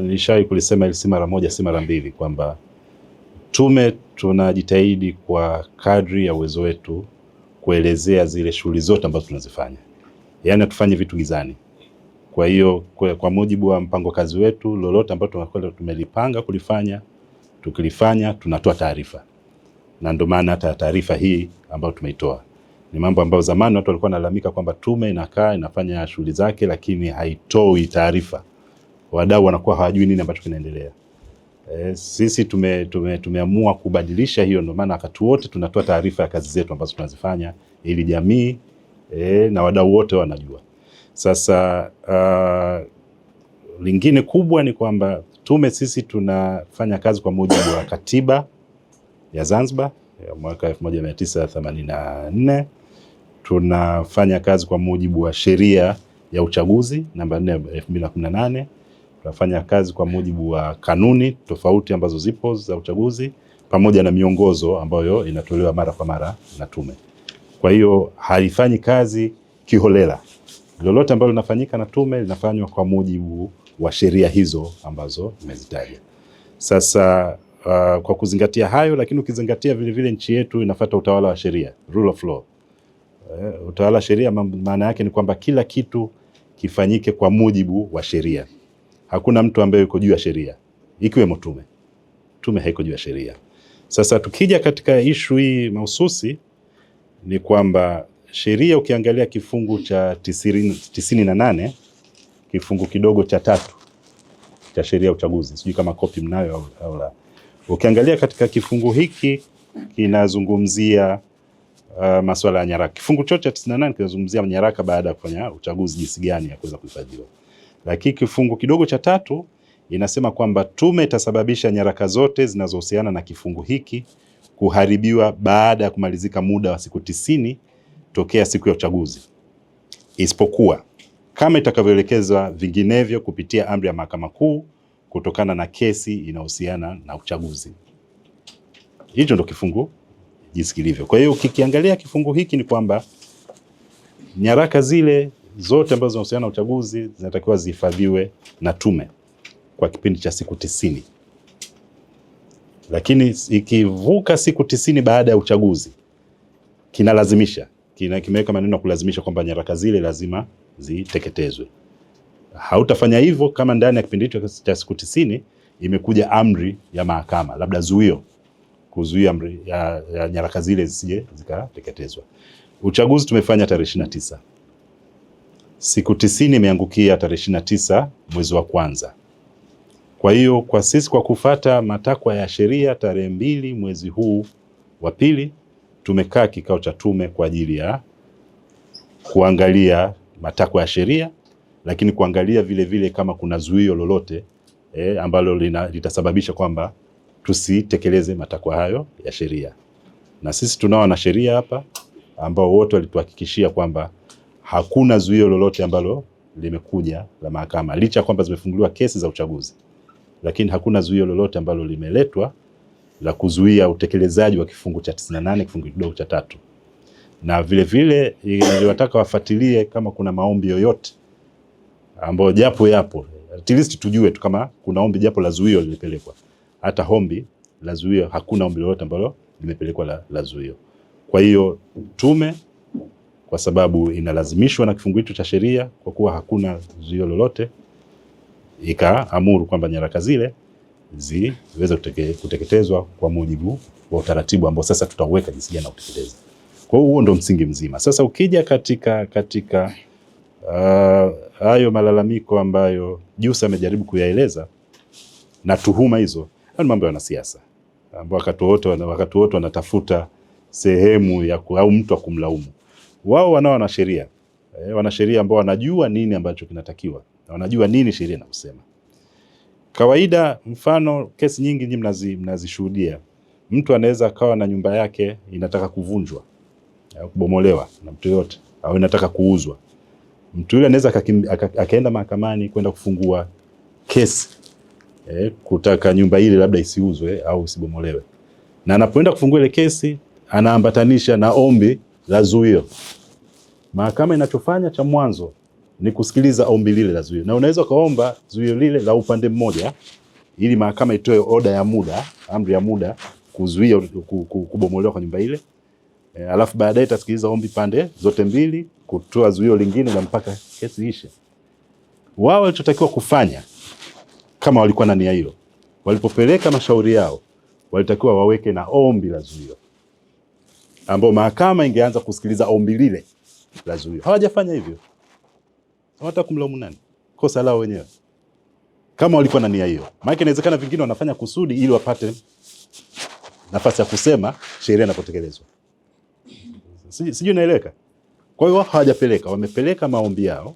nilishawahi kulisema ili si mara moja, si mara mbili, kwamba tume tunajitahidi kwa kadri ya uwezo wetu kuelezea zile shughuli zote ambazo tunazifanya, yaani hatufanye vitu gizani. Kwa hiyo kwa, kwa mujibu wa mpango kazi wetu, lolote ambalo tumelipanga kulifanya, tukilifanya tunatoa taarifa, na ndio maana hata taarifa hii ambayo tumeitoa ni mambo ambayo zamani watu walikuwa wanalalamika kwamba tume inakaa inafanya shughuli zake, lakini haitoi taarifa wadau wanakuwa hawajui nini ambacho kinaendelea. E, sisi tume, tume, tumeamua kubadilisha hiyo, ndio maana wakati wote tunatoa taarifa ya kazi zetu ambazo tunazifanya ili jamii e, na wadau wote wanajua. Sasa uh, lingine kubwa ni kwamba tume sisi tunafanya kazi kwa mujibu wa katiba ya Zanzibar ya mwaka 1984. Tunafanya kazi kwa mujibu wa sheria ya uchaguzi namba 4 ya 2018 tunafanya kazi kwa mujibu wa kanuni tofauti ambazo zipo za uchaguzi pamoja na miongozo ambayo inatolewa mara kwa mara na tume. Kwa hiyo haifanyi kazi kiholela, lolote ambalo linafanyika na tume linafanywa kwa mujibu wa sheria hizo ambazo nimezitaja. Sasa uh, kwa kuzingatia hayo, lakini ukizingatia vile vile nchi yetu inafata utawala wa sheria, rule of law. Uh, utawala wa sheria maana yake ni kwamba kila kitu kifanyike kwa mujibu wa sheria hakuna mtu ambaye yuko juu ya sheria ikiwemo tume. Tume haiko juu ya sheria. Sasa tukija katika ishu hii mahususi ni kwamba sheria ukiangalia kifungu cha tisini, tisini na nane kifungu kidogo cha tatu cha sheria ya uchaguzi, sijui kama kopi mnayo au la. Ukiangalia katika kifungu hiki kinazungumzia uh, masuala ya nyaraka. Kifungu chote cha 98 kinazungumzia nyaraka baada ya kufanya uchaguzi, jinsi gani ya kuweza kuhifadhiwa. Lakini kifungu kidogo cha tatu inasema kwamba tume itasababisha nyaraka zote zinazohusiana na kifungu hiki kuharibiwa baada ya kumalizika muda wa siku tisini tokea siku ya uchaguzi, isipokuwa kama itakavyoelekezwa vinginevyo kupitia amri ya Mahakama Kuu kutokana na kesi inayohusiana na uchaguzi. Hicho ndo kifungu jinsi kilivyo. Kwa hiyo ukikiangalia kifungu hiki ni kwamba nyaraka zile zote ambazo zinahusiana na uchaguzi zinatakiwa zihifadhiwe na tume kwa kipindi cha siku tisini, lakini ikivuka siku tisini baada ya uchaguzi kinalazimisha kina, kimeweka maneno ya kulazimisha kwamba nyaraka zile lazima ziteketezwe. Hautafanya hivyo kama ndani ya kipindi hicho cha siku tisini imekuja amri ya mahakama, labda zuio, kuzuia amri ya, ya nyaraka zile zisije zikateketezwa. Uchaguzi tumefanya tarehe ishirini na tisa siku tisini imeangukia tarehe ishirini na tisa mwezi wa kwanza. Kwa hiyo kwa sisi kwa kufata matakwa ya sheria, tarehe mbili mwezi huu wa pili tumekaa kikao cha tume kwa ajili ya kuangalia matakwa ya sheria, lakini kuangalia vile vile kama kuna zuio lolote eh, ambalo lina, litasababisha kwamba tusitekeleze matakwa hayo ya sheria. Na sisi tunao wanasheria hapa ambao wote walituhakikishia kwamba hakuna zuio lolote ambalo limekuja la mahakama, licha ya kwamba zimefunguliwa kesi za uchaguzi, lakini hakuna zuio lolote ambalo limeletwa la kuzuia utekelezaji wa kifungu cha 98 kifungu kidogo cha tatu, na vilevile niliwataka wafuatilie kama kuna maombi yoyote ambayo japo yapo, at least tujue tu kama kuna ombi japo la zuio lilipelekwa. Hata ombi la zuio, hakuna ombi lolote ambalo limepelekwa la, la zuio. Kwa hiyo tume kwa sababu inalazimishwa na kifungu hicho cha sheria, kwa kuwa hakuna zuio lolote, ikaamuru kwamba nyaraka zile ziweze kuteke, kuteketezwa kwa mujibu wa utaratibu ambao sasa tutauweka jinsi gani kuteketeza. Kwa hiyo huo ndo msingi mzima. Sasa ukija katika katika uh, hayo malalamiko ambayo Jussa amejaribu kuyaeleza na tuhuma hizo, ni mambo ya wanasiasa ambao wakati wote wanatafuta sehemu ya au mtu akumlaumu wao wanao wanasheria e, eh, wanasheria ambao wanajua nini ambacho kinatakiwa na wanajua nini sheria inasema. Kawaida mfano kesi nyingi nyinyi mnazi, mnazishuhudia mtu anaweza akawa na nyumba yake inataka kuvunjwa au kubomolewa na mtu yote au inataka kuuzwa. Mtu yule anaweza akaenda mahakamani kwenda kufungua kesi eh, kutaka nyumba ile labda isiuzwe au isibomolewe, na anapoenda kufungua ile kesi anaambatanisha na ombi la zuio. Mahakama inachofanya cha mwanzo ni kusikiliza ombi lile la zuio, na unaweza ukaomba zuio lile la upande mmoja, ili mahakama itoe oda ya muda, amri ya muda kuzuia kubomolewa kwa nyumba ile. E, alafu baadaye itasikiliza ombi pande zote mbili kutoa zuio lingine na mpaka kesi ishe. Wao walichotakiwa kufanya kama walikuwa na nia hilo, walipopeleka mashauri yao walitakiwa waweke na ombi la zuio ambao mahakama ingeanza kusikiliza ombi lile la zuio. Hawajafanya hivyo, hawata kumlaumu nani? Kosa lao wenyewe kama walikuwa na nia hiyo, maana inawezekana vingine wanafanya kusudi ili wapate nafasi ya kusema sheria inapotekelezwa. Sijui naeleweka. Kwa hiyo hawajapeleka, wamepeleka maombi yao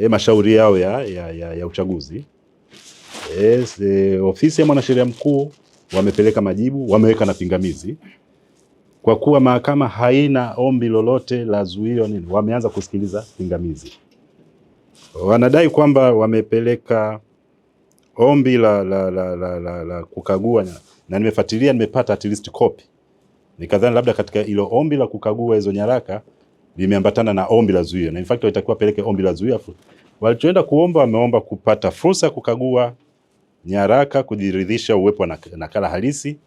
e, mashauri yao ya, ya, ya, ya uchaguzi e, e, ofisi ya mwanasheria mkuu wamepeleka majibu, wameweka na pingamizi kwa kuwa mahakama haina ombi lolote la zuio nini, wameanza kusikiliza pingamizi. Wanadai kwamba wamepeleka ombi la, la, la, la, la, la kukagua na nimefuatilia, nimepata at least copy, nikadhani labda katika ilo ombi la kukagua hizo nyaraka limeambatana na ombi la zuio, na in fact walitakiwa peleke ombi la zuio. Walichoenda kuomba, wameomba kupata fursa ya kukagua nyaraka, kujiridhisha uwepo wa nakala halisi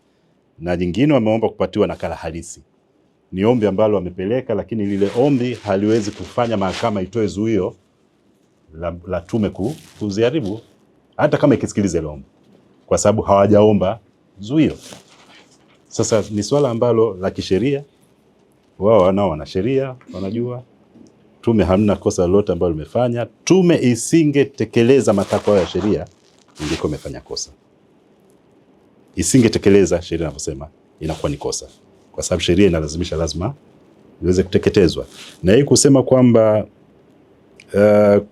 na nyingine wameomba kupatiwa nakala halisi. Ni ombi ambalo wamepeleka, lakini lile ombi haliwezi kufanya mahakama itoe zuio la, la tume kuziharibu hata kama ikisikiliza ile ombi, kwa sababu hawajaomba zuio. Sasa ni swala ambalo la kisheria, wao wanao wana sheria, wanajua tume hamna kosa lolote ambalo limefanya. Tume isingetekeleza matakwa ya sheria, ingekuwa imefanya kosa isingetekeleza sheria inavyosema, inakuwa ni kosa, kwa sababu sheria inalazimisha lazima iweze kuteketezwa. Na hii kusema kwamba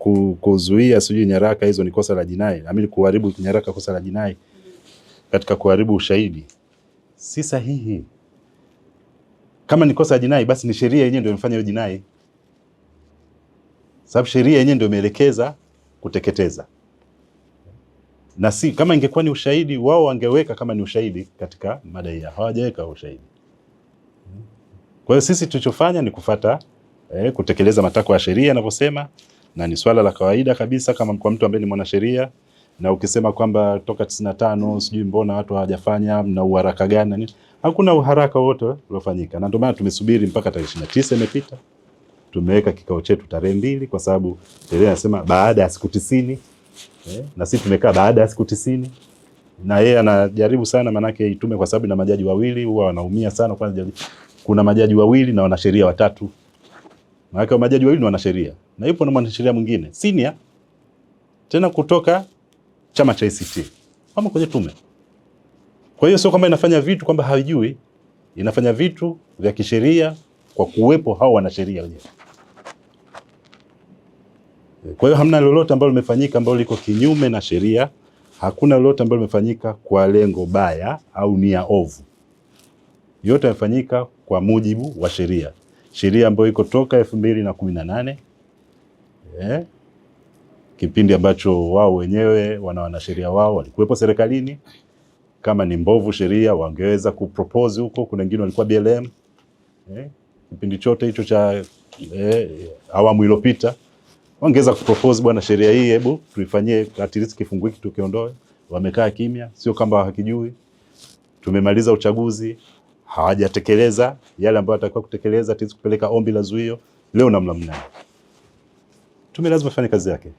uh, kuzuia sijui nyaraka hizo ni kosa la jinai, amini kuharibu nyaraka kosa la jinai, katika kuharibu ushahidi si sahihi. Kama ni kosa la jinai, basi ni sheria yenyewe ndio imefanya hiyo jinai, sababu sheria yenyewe ndio imeelekeza kuteketeza na si kama ingekuwa ni ushahidi wao wangeweka kama ni ushahidi katika madai yao, hawajaweka ushahidi. Kwa hiyo sisi tulichofanya ni kufata eh, kutekeleza matakwa ya sheria yanavyosema, na ni swala la kawaida kabisa kama kwa mtu ambaye ni mwanasheria, na ukisema kwamba toka 95 sijui mbona watu hawajafanya, mna uharaka gani? Hakuna uharaka wote uliofanyika, na ndio maana tumesubiri mpaka tarehe 29 imepita, tumeweka kikao chetu tarehe mbili kwa sababu sheria inasema baada ya siku tisini Eh, na sisi tumekaa baada ya siku tisini na yeye anajaribu sana, maanake itume kwa sababu ina majaji wawili huwa wanaumia sana kwanza, kuna majaji wawili na wanasheria watatu, maanake wa majaji wawili na wanasheria na yupo na mwanasheria mwingine senior tena kutoka chama cha ACT kama kwenye tume. Kwa hiyo sio kwamba inafanya vitu kwamba haijui, inafanya vitu vya kisheria kwa kuwepo hao wanasheria wenyewe. Kwa hiyo hamna lolote ambalo limefanyika ambalo liko kinyume na sheria. Hakuna lolote ambalo limefanyika kwa lengo baya au nia ovu. Yote yamefanyika kwa mujibu wa sheria, sheria ambayo iko toka elfu mbili na kumi na nane eh, kipindi ambacho wao wenyewe wana wanasheria wao walikuwepo serikalini. Kama ni mbovu sheria wangeweza kupropose huko. Kuna wengine walikuwa BLM eh, kipindi chote hicho cha eh, awamu iliyopita wangeweza kupropose bwana, sheria hii hebu tuifanyie at least kifungu hiki tukiondoe. Wamekaa kimya, sio kama hakijui. Tumemaliza uchaguzi, hawajatekeleza yale ambayo watakiwa kutekeleza, at least kupeleka ombi la zuio. Leo namlamna tume lazima ifanye kazi yake.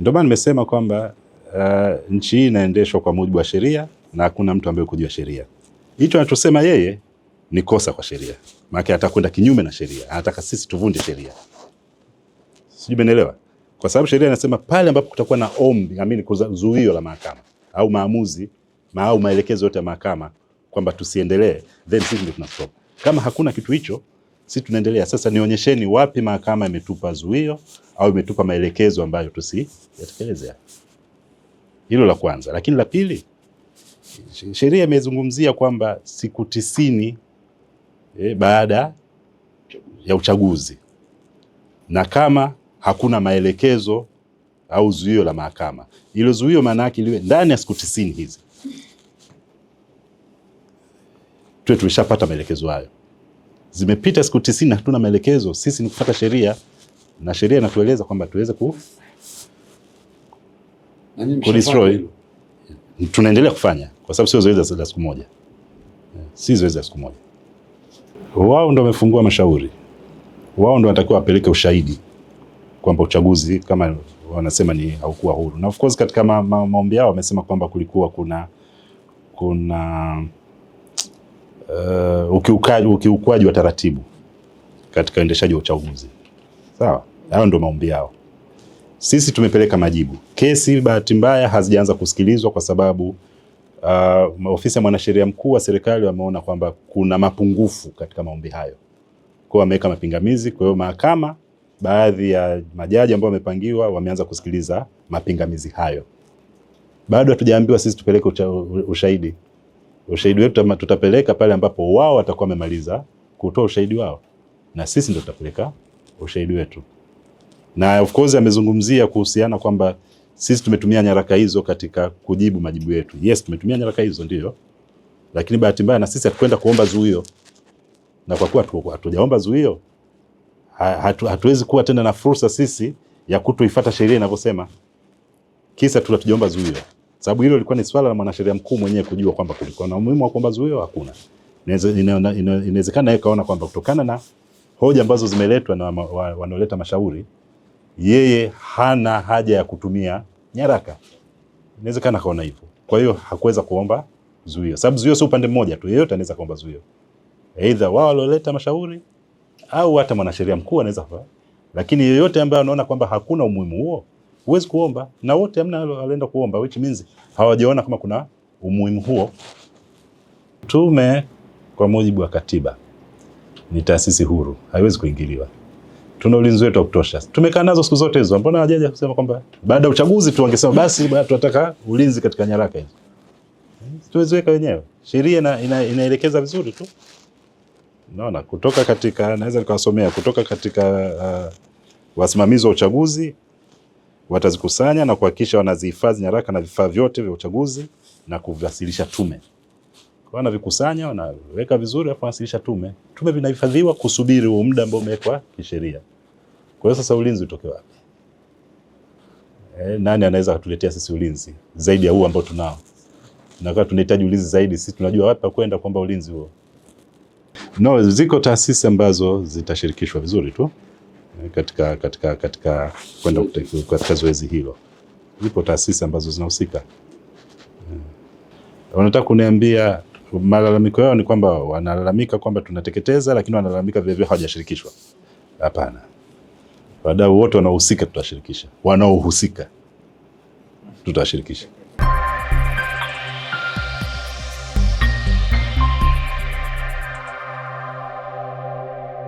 Ndio maana nimesema kwamba uh, nchi hii inaendeshwa kwa mujibu wa sheria na hakuna mtu ambaye kujua sheria. Hicho anachosema yeye ni kosa kwa sheria, maana atakwenda kinyume na sheria, anataka sisi tuvunje sheria. Sijui umeelewa? Kwa sababu sheria inasema pale ambapo kutakuwa na ombi, amini kuzuio la mahakama au maamuzi au maelekezo yote ya mahakama kwamba tusiendelee, then sisi ndio tunastop. Kama hakuna kitu hicho, sisi tunaendelea. Sasa nionyesheni wapi mahakama imetupa zuio au imetupa maelekezo ambayo tusiyatekeleze. Hilo la kwanza, lakini la pili, sheria imezungumzia kwamba siku tisini eh, baada ya uchaguzi na kama hakuna maelekezo au zuio la mahakama. Hilo zuio maana yake liwe ndani ya siku tisini hizi tuwe tumeshapata maelekezo hayo. Zimepita siku tisini na hatuna maelekezo, sisi ni kufuata sheria na sheria inatueleza kwamba tuweze ku Tunaendelea kufanya kwa sababu sio zoezi la siku moja, si zoezi la siku moja. Wao ndo wamefungua mashauri, wao ndo wanatakiwa wapeleke ushahidi kwamba uchaguzi kama wanasema ni haukuwa huru, na of course katika ma, ma, maombi yao wamesema kwamba kulikuwa kuna kuna uh, ukiukaji, ukiukwaji wa taratibu katika uendeshaji wa uchaguzi. Sawa, hayo ndio maombi yao. Sisi tumepeleka majibu. Kesi bahati mbaya hazijaanza kusikilizwa kwa sababu uh, ofisi ya mwanasheria mkuu wa serikali wameona kwamba kuna mapungufu katika maombi hayo, kwa hiyo wameweka mapingamizi. Kwa hiyo mahakama baadhi ya majaji ambao wamepangiwa wameanza kusikiliza mapingamizi hayo. Bado hatujaambiwa sisi tupeleke ushahidi. Ushahidi wetu tutapeleka pale ambapo wao watakuwa wamemaliza kutoa ushahidi wao, na sisi ndio tutapeleka ushahidi wetu. Na of course amezungumzia kuhusiana kwamba sisi tumetumia nyaraka hizo katika kujibu majibu yetu. Yes, tumetumia nyaraka hizo ndiyo, lakini bahati mbaya na sisi hatukwenda kuomba zuio, na kwa kuwa hatujaomba zuio hatu, hatuwezi kuwa tena na fursa sisi ya kutoifuata sheria inavyosema, kisa tu tujaomba zuio, sababu hilo lilikuwa ni swala la mwanasheria mkuu mwenyewe kujua kwamba kulikuwa na umuhimu wa kuomba zuio. Hakuna inawezekana yeye kaona kwamba kutokana na hoja ambazo zimeletwa na wanaoleta mashauri, yeye hana haja ya kutumia nyaraka, inawezekana kaona hivyo. Kwa hiyo hakuweza kuomba zuio, sababu zuio sio upande mmoja tu, yeyote anaweza kuomba zuio, aidha wao walioleta mashauri au hata mwanasheria mkuu anaweza kufanya, lakini yeyote ambaye anaona kwamba hakuna umuhimu huo huwezi kuomba, na wote hamna alenda kuomba, which means hawajaona kama kuna umuhimu huo. Tume kwa mujibu wa katiba ni taasisi huru, haiwezi kuingiliwa. Tuna ulinzi wetu wa kutosha, tumekaa nazo siku zote hizo. Mbona hawajaja kusema kwamba baada ya uchaguzi tu wangesema basi tunataka ulinzi katika nyaraka hizo? Tuweziweka wenyewe, sheria inaelekeza ina vizuri tu. Naona kutoka katika, naweza nikawasomea kutoka katika uh, wasimamizi wa uchaguzi watazikusanya na kuhakikisha wanazihifadhi nyaraka na vifaa vyote vya uchaguzi na kuviwasilisha tume. Wanavikusanya, wanaweka vizuri, alafu wanawasilisha tume. Tume vinahifadhiwa kusubiri huo muda ambao umewekwa kisheria. Kwa hiyo sasa ulinzi utoke wapi? E, nani anaweza kutuletea sisi ulinzi zaidi ya huu ambao tunao? Na kwa tunahitaji ulinzi zaidi, sisi tunajua wapi pa kwenda kwamba ulinzi huo No, ziko taasisi ambazo zitashirikishwa vizuri tu eh, katika, katika, katika kwenda katika zoezi hilo. Ziko taasisi ambazo zinahusika. Eh, wanataka kuniambia malalamiko yao ni kwamba wanalalamika kwamba tunateketeza, lakini wanalalamika vile vile hawajashirikishwa. Hapana, wadau wote wanaohusika tutashirikisha, wanaohusika tutashirikisha.